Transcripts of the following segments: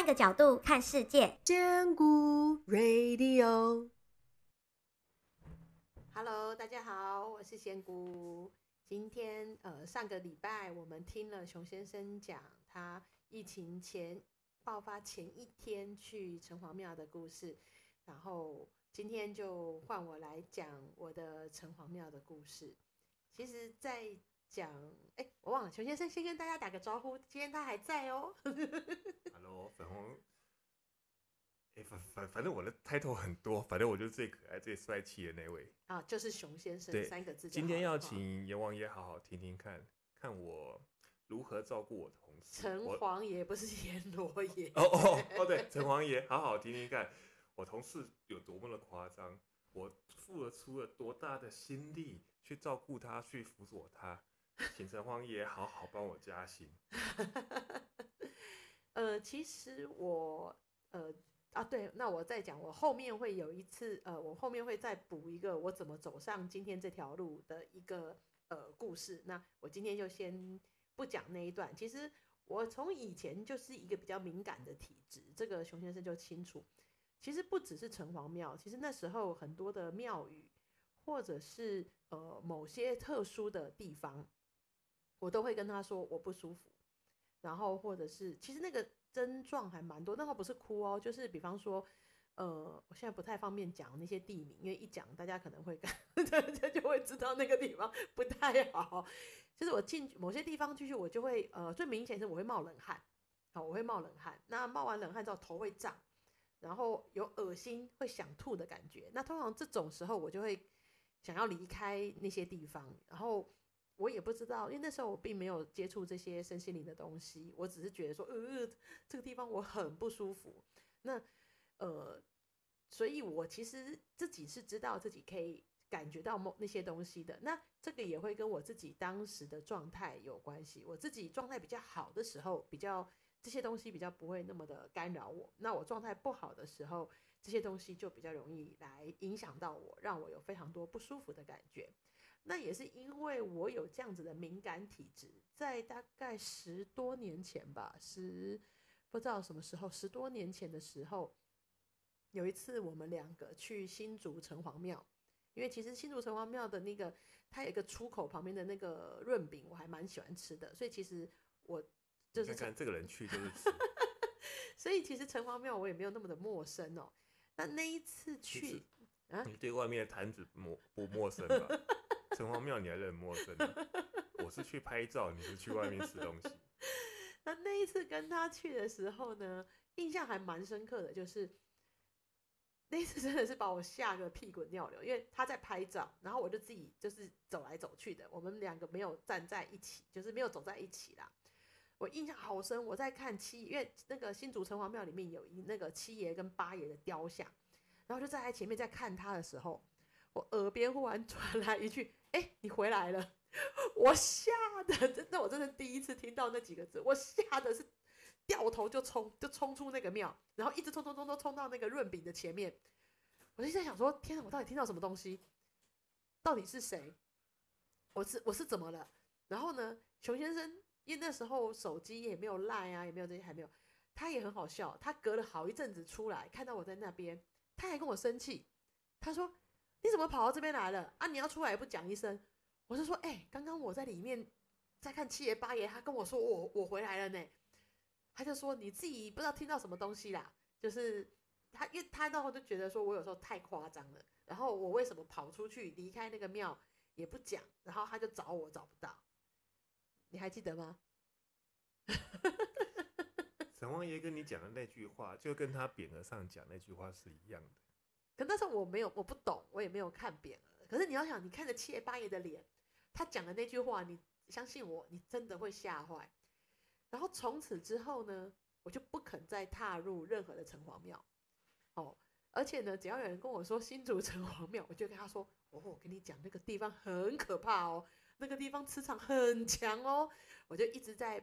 換個角度看世界，仙姑 Radio，Hello，大家好，我是仙姑。今天呃，上個禮拜我們聽了熊先生講他疫情前爆發前一天去城隍廟的故事，然後今天就換我來講我的城隍廟的故事。其實，在講，哎，我忘了，熊先生先跟大家打個招呼，今天他還在哦。 反、欸，反正我的 title 很多，反正我就是最可愛、最帥氣的那位啊，就是熊先生對三個字。今天要請閻王爺好好聽聽看，看我如何照顧我的同事。城隍爺不是閻羅爺哦哦哦，哦，對，城隍爺好好聽聽看， 我同事有多麼的誇張，我付了出了多大的心力去照顧他、去輔佐他，請城隍爺好好幫我加薪。 呃，其實我呃。啊，對，那我再講，我後面會有一次，呃，我後面會再補一個我怎麼走上今天這條路的一個呃故事。那我今天就先不講那一段。其實我從以前就是一個比較敏感的體質，這個熊先生就清楚。其實不只是城隍廟，其實那時候很多的廟宇，或者是呃某些特殊的地方，我都會跟他說我不舒服，然後或者是其實那個。症狀還蠻多，但我不是哭哦，就是比方說，呃，我現在不太方便講那些地名，因為一講大家可能會，大家就會知道那個地方不太好。就是我進某些地方進去，我就會，呃，最明顯是我會冒冷汗，啊、哦，我會冒冷汗。那冒完冷汗之後，頭會脹，然後有噁心、會想吐的感覺。那通常這種時候，我就會想要離開那些地方，然後。我也不知道，因為那時候我並沒有接觸這些身心靈的東西，我只是覺得說，呃，這個地方我很不舒服。那，呃，所以我其實自己是知道自己可以感覺到某那些東西的。那這個也會跟我自己當時的狀態有關係。我自己狀態比較好的時候，比較這些東西比較不會那麼的干擾我。那我狀態不好的時候，這些東西就比較容易來影響到我，讓我有非常多不舒服的感覺。那也是因為我有這樣子的敏感體質，在大概十多年前吧，十不知道什麼時候，十多年前的時候，有一次我們兩個去新竹城隍廟，因為其實新竹城隍廟的那個它有一個出口旁邊的那個潤餅，我還蠻喜歡吃的，所以其實我就是這你看這個人去就是吃， 所以其實城隍廟我也沒有那麼的陌生哦。那那一次去，你對外面的攤子陌不,不陌生吧？ 城隍廟你還是很陌生。啊，我是去拍照，你是去外面吃東西。 那那一次跟他去的時候呢，印象還蠻深刻的，就是那次真的是把我嚇個屁滾尿流，因為他在拍照，然後我就自己就是走來走去的，我們兩個沒有站在一起，就是沒有走在一起啦。我印象好深，我在看七，因為那個新竹城隍廟裡面有那個七爺跟八爺的雕像，然後就在他前面在看他的時候，我耳邊忽然傳來一句。哎、欸，你回來了！ 我嚇得，真的，我真的第一次聽到那幾個字，我嚇得是掉頭就衝，就衝出那個廟，然後一直衝衝衝衝衝到那個潤餅的前面。我就一直在想說，天哪，我到底聽到什麼東西？到底是誰？我是我是怎麼了？然後呢，熊先生，因為那時候手機也沒有 LINE 啊，也沒有這些還沒有，他也很好笑。他隔了好一陣子出來，看到我在那邊，他還跟我生氣，他說。你怎麼跑到這邊來了？啊，你要出來也不講一聲。我就說，哎、欸，剛剛我在裡面在看七爺八爺，他跟我說我我回來了呢。他就說你自己不知道聽到什麼東西啦，就是他，因為他然後就覺得說我有時候太誇張了。然後我為什麼跑出去離開那個廟也不講，然後他就找我找不到，你還記得嗎？沈 王爺跟你講的那句話，就跟他匾額上講那句話是一樣的。可那時候我沒有，我不懂，我也沒有看扁。可是你要想，你看着七爺八爺的臉，他講的那句話，你相信我，你真的會嚇壞。然後從此之後呢，我就不肯再踏入任何的城隍廟。哦，而且呢，只要有人跟我說新竹城隍廟，我就跟他說：“哦，我跟你講，那個地方很可怕哦，那個地方磁場很強哦。”我就一直在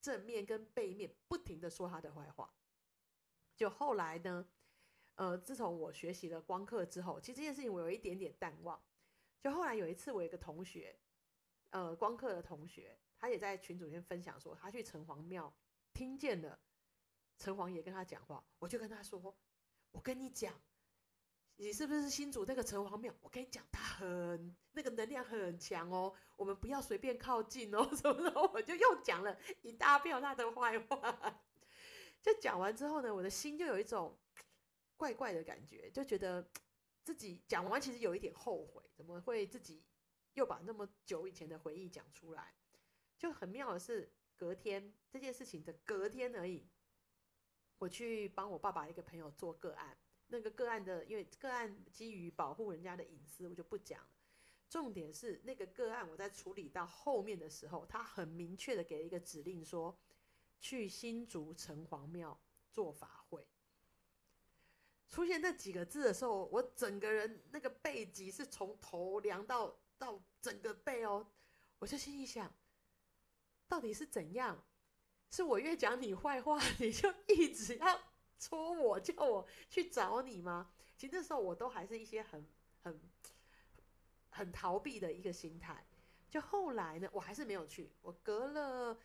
正面跟背面不停地說他的壞話。就後來呢。呃，自從我學習了光課之後，其實這件事情我有一點點淡忘。就後來有一次，我有一個同學，呃，光課的同學，他也在群組裡面分享說，他去城隍廟聽見了城隍爺跟他講話。我就跟他說：“我跟你講，你是不是新竹那個城隍廟？我跟你講，他很那個能量很強哦，我們不要隨便靠近哦。”什麼什麼，我就又講了一大遍他的壞話。就講完之後呢，我的心就有一種。怪怪的感覺，就覺得自己講完，其實有一點後悔，怎麼會自己又把那麼久以前的回憶講出來？就很妙的是，隔天這件事情的隔天而已，我去幫我爸爸一個朋友做個案，那個個案的，因為個案基於保護人家的隱私，我就不講了。重點是那個個案，我在處理到後面的時候，他很明確的給一個指令說，說去新竹城隍廟做法。出現那幾個字的時候，我整個人那個背脊是從頭涼到到整個背哦，我就心裡想，到底是怎樣？是我越講你壞話，你就一直要戳我，叫我去找你嗎？其實那時候我都還是一些很很很逃避的一個心態。就後來呢，我還是沒有去。我隔了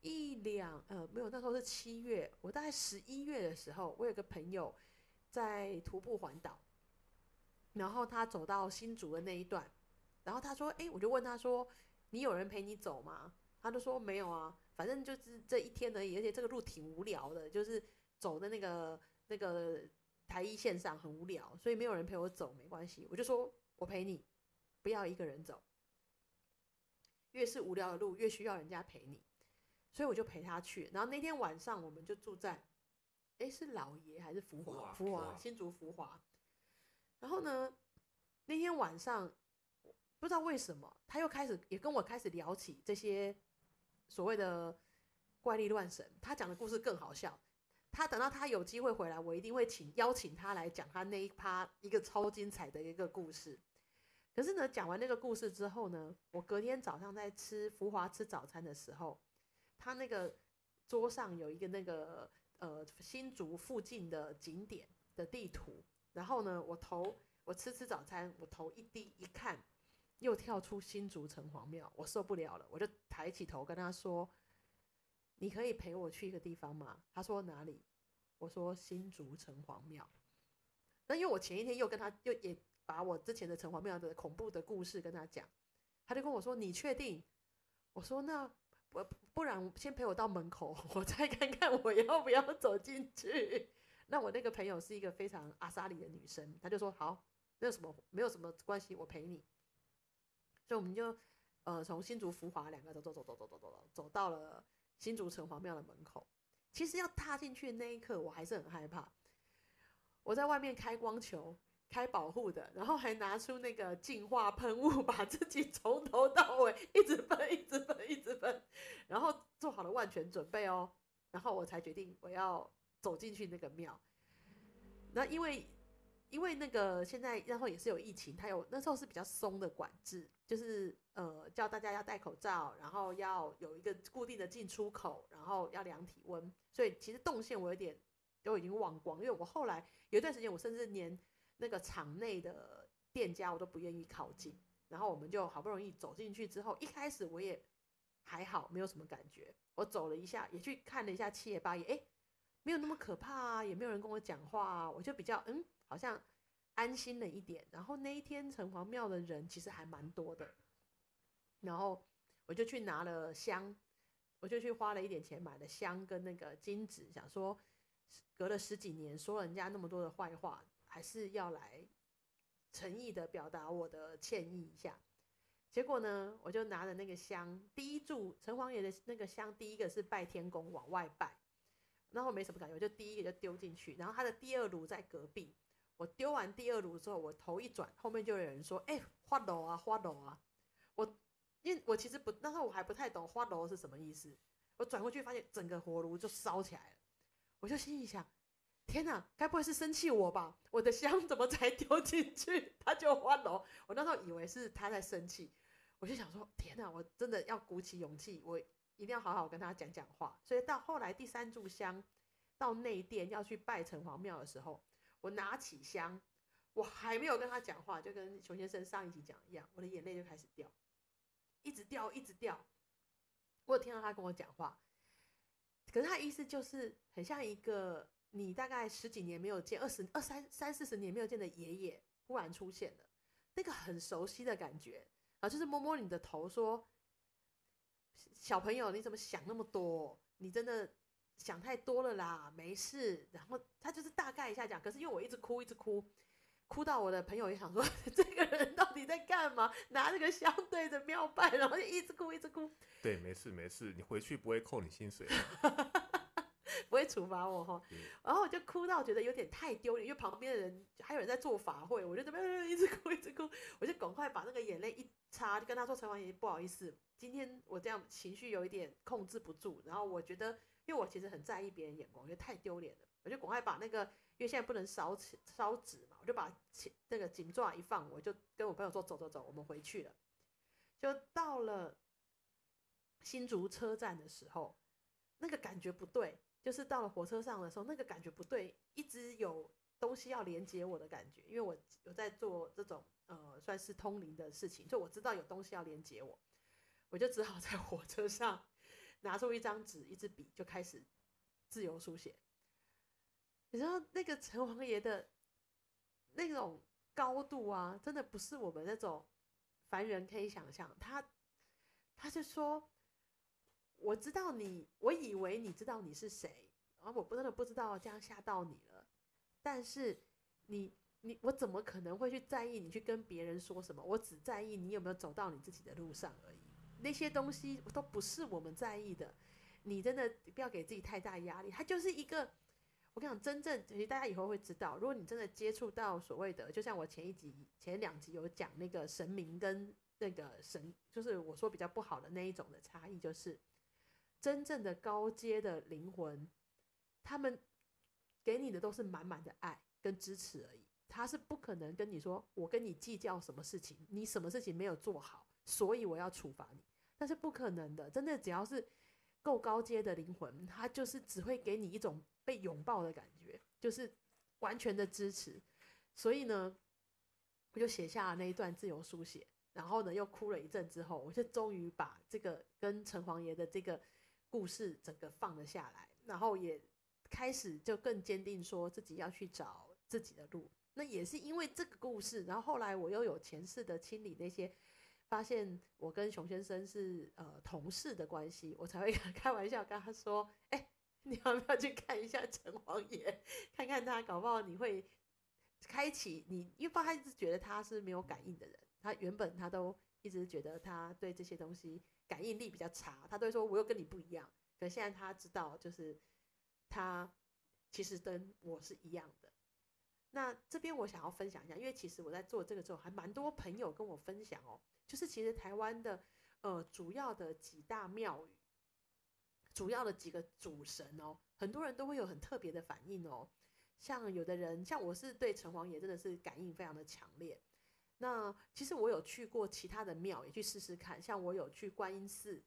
一兩，呃，沒有，那時候是七月，我大概十一月的時候，我有個朋友。在徒步環島，然後他走到新竹的那一段，然後他說：“哎，我就問他說，你有人陪你走嗎？”他就說：“沒有啊，反正就是這一天而已。而且這個路挺無聊的，就是走的那個那個台一線上很無聊，所以沒有人陪我走，沒關係。”我就說：“我陪你，不要一個人走。越是無聊的路，越需要人家陪你，所以我就陪他去。然後那天晚上，我們就住在……哎，是老爺還是福華？福華，新竹福華。然後呢，那天晚上不知道為什麼，他又開始也跟我開始聊起這些所謂的怪力亂神。他講的故事更好笑。他等到他有機會回來，我一定會請邀請他來講他那一趴一個超精彩的一個故事。可是呢，講完那個故事之後呢，我隔天早上在吃福華吃早餐的時候，他那個桌上有一個那個。呃，新竹附近的景點的地圖，然後呢，我頭我吃吃早餐，我頭一低一看，又跳出新竹城隍廟，我受不了了，我就抬起頭跟他說：“你可以陪我去一個地方嗎？”他說哪裡？我說新竹城隍廟。那因為我前一天又跟他又也把我之前的城隍廟的恐怖的故事跟他講，他就跟我說：“你確定？”我說：“那。”不，不然先陪我到門口，我再看看我要不要走進去。那我那個朋友是一個非常阿莎里的女生，她就說好，沒有什麼，沒有什麼關係，我陪你。所以我們就呃從新竹福華兩個走走走走走走走走，走到了新竹城隍廟的門口。其實要踏進去的那一刻，我還是很害怕。我在外面開光球。開保護的，然後還拿出那個淨化噴霧，把自己從頭到尾一直噴，一直噴，一直噴，然後做好了萬全準備哦，然後我才決定我要走進去那個廟。那因為因為那個現在，然後也是有疫情，它有那時候是比較鬆的管制，就是呃叫大家要戴口罩，然後要有一個固定的進出口，然後要量體溫，所以其實動線我有點都已經忘光，因為我後來有一段時間，我甚至連那個場內的店家，我都不願意靠近。然後我們就好不容易走進去之後，一開始我也還好，沒有什麼感覺。我走了一下，也去看了一下七爺八爺，哎，沒有那麼可怕啊，也沒有人跟我講話啊，我就比較嗯，好像安心了一點。然後那一天城隍廟的人其實還蠻多的，然後我就去拿了香，我就去花了一點錢買了香跟那個金紙，想說隔了十幾年說人家那麼多的壞話。還是要來誠意的表達我的歉意一下。結果呢，我就拿着那個香，第一柱城隍爺的那個香，第一個是拜天公，往外拜，然後沒什麼感覺，我就第一個就丟進去。然後他的第二爐在隔壁，我丟完第二爐之後，我頭一轉，後面就有人說：“哎、欸，花樓啊，花樓啊！”我因為我其實不那時候我還不太懂花樓是什麼意思，我轉過去發現整個火爐就燒起來了，我就心裡想。天吶、啊，該不會是生氣我吧？我的香怎麼才丟進去他就翻了？我那時候以為是他在生氣，我就想說：天吶、啊，我真的要鼓起勇氣，我一定要好好跟他講講話。所以到後來第三炷香到內殿要去拜城隍廟的時候，我拿起香，我還沒有跟他講話，就跟熊先生上一集講一樣，我的眼淚就開始掉，一直掉一直掉。我有聽到他跟我講話。可是他的意思就是很像一個你大概十幾年沒有見，二十、二三、三四十年沒有見的爺爺忽然出現了，那個很熟悉的感覺，然後啊就是摸摸你的頭說：“小朋友，你怎麼想那麼多？你真的想太多了啦，沒事。”然後他就是大概一下講，可是因為我一直哭，一直哭。哭到我的朋友也想說，這個人到底在幹嘛？拿着個香對著廟拜，然後就一直哭，一直哭。對，沒事，沒事，你回去不會扣你薪水， 不會處罰我哈、哦。嗯、然後我就哭到覺得有點太丟臉，因為旁邊的人還有人在做法會，我就這邊一直哭，一直哭，我就趕快把那個眼淚一擦，就跟他說：“陳王爺，不好意思，今天我這樣情緒有一點控制不住。”然後我覺得，因為我其實很在意別人眼光，我覺得太丟臉了，我就趕快把那個。因為現在不能燒紙，燒紙嘛，我就把那個錦緞一放，我就跟我朋友說：“走走走，我們回去了。”就到了新竹車站的時候，那個感覺不對；就是到了火車上的時候，那個感覺不對，一直有東西要連接我的感覺，因為我有在做這種呃算是通靈的事情，就我知道有東西要連接我，我就只好在火車上拿出一張紙、一支筆，就開始自由書寫。你知道那個城隍爺的那種高度啊，真的不是我們那種凡人可以想象。他，他就說：“我知道你，我以為你知道你是誰，然後我真的不知道這樣嚇到你了。但是你，你，我怎麼可能會去在意你去跟別人說什麼？我只在意你有沒有走到你自己的路上而已。那些東西都不是我們在意的。你真的不要給自己太大壓力。他就是一個。”我想真正其實大家以後會知道，如果你真的接觸到所謂的，就像我前一集、前兩集有講那個神明跟那個神，就是我說比較不好的那一種的差異，就是真正的高階的靈魂，他們給你的都是滿滿的愛跟支持而已，他是不可能跟你說我跟你計較什麼事情，你什麼事情沒有做好，所以我要處罰你，那是不可能的。真的，只要是，夠高階的靈魂，它就是只會給你一種被擁抱的感覺，就是完全的支持。所以呢，我就寫下了那一段自由書寫，然後呢，又哭了一陣之後，我就終於把這個跟城隍爺的這個故事整個放了下來，然後也開始就更堅定說自己要去找自己的路。那也是因為這個故事，然後後來我又有前世的清理那些。發現我跟熊先生是呃同事的關係，我才會開玩笑跟他說：“哎、欸，你要不要去看一下陳王爺？看看他，搞不好你會開啟你，因為他一直覺得他是沒有感應的人。他原本他都一直覺得他對這些東西感應力比較差，他都會說我又跟你不一樣。可現在他知道，就是他其實跟我是一樣的。”那這邊我想要分享一下，因為其實我在做這個之後，還蠻多朋友跟我分享哦，就是其實台灣的呃主要的幾大廟宇，主要的幾個主神哦，很多人都會有很特別的反應哦。像有的人，像我是對城隍爺真的是感應非常的強烈。那其實我有去過其他的廟也去試試看，像我有去觀音寺，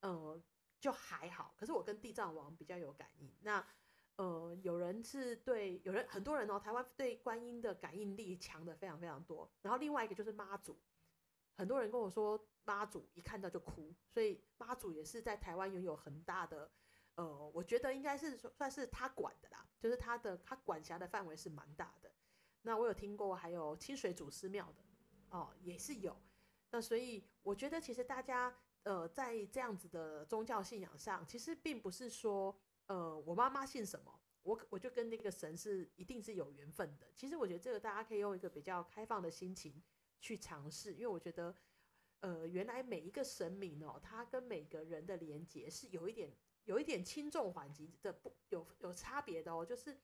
呃就還好，可是我跟地藏王比較有感應。那呃，有人是對，有人很多人哦，台灣對觀音的感應力強得非常非常多。然後另外一個就是媽祖，很多人跟我說媽祖一看到就哭，所以媽祖也是在台灣擁有很大的，呃，我覺得應該是算是他管的啦，就是他的他管轄的範圍是蠻大的。那我有聽過還有清水祖師廟的哦，呃，也是有。那所以我覺得其實大家呃在這樣子的宗教信仰上，其實並不是說呃，我媽媽信什麼？我我就跟那個神是一定是有緣分的。其實我覺得這個大家可以用一個比較開放的心情去嘗試，因為我覺得，呃，原來每一個神明哦，他跟每個人的連接是有一點有一點輕重緩急的，不有有差別的哦。就是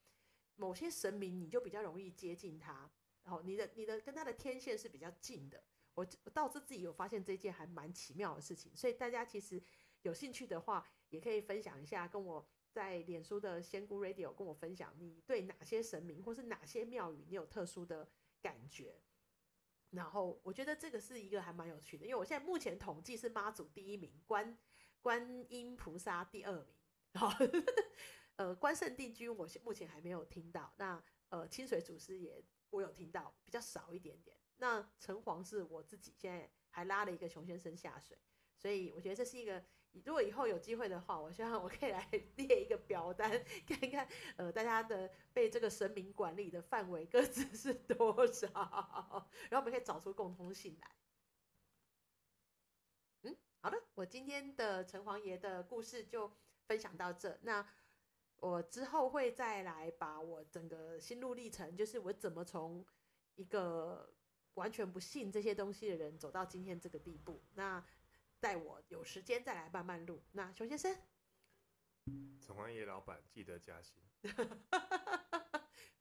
某些神明你就比較容易接近他，然後你的你的跟他的天線是比較近的。我我倒是自己有發現這件還蠻奇妙的事情，所以大家其實有興趣的話，也可以分享一下跟我。在臉書的仙姑 Radio 跟我分享，你對哪些神明或是哪些廟宇你有特殊的感覺？然後我覺得這個是一個還蠻有趣的，因為我現在目前統計是媽祖第一名，觀觀音菩薩第二名，哈，呃，關聖帝君我目前還沒有聽到，那呃清水祖師也我有聽到，比較少一點點。那城隍是我自己現在還拉了一個熊先生下水，所以我覺得這是一個。如果以後有機會的話，我希望我可以來列一個表單，看看呃大家的被這個神明管理的範圍各自是多少，然後我們可以找出共通性來。嗯，好的，我今天的城隍爺的故事就分享到這。那我之後會再來把我整個心路歷程，就是我怎麼從一個完全不信這些東西的人走到今天這個地步。那待我有時間再來慢慢錄。那熊先生，從行業老闆記得加薪，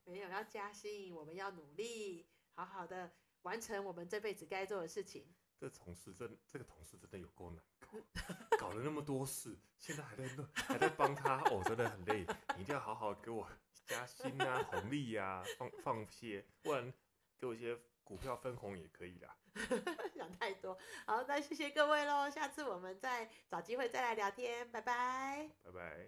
沒有要加薪，我們要努力，好好的完成我們這輩子該做的事情。這同事真，這個同事真的有夠難搞， 搞了那麼多事，現在還在弄，還在幫他，我、 哦、真的很累，你一定要好好給我加薪啊，紅利呀、啊，放放些，不然給我一些。股票分紅也可以啦， 想太多。好，那謝謝各位嘍，下次我們再找機會再來聊天，拜拜，拜拜。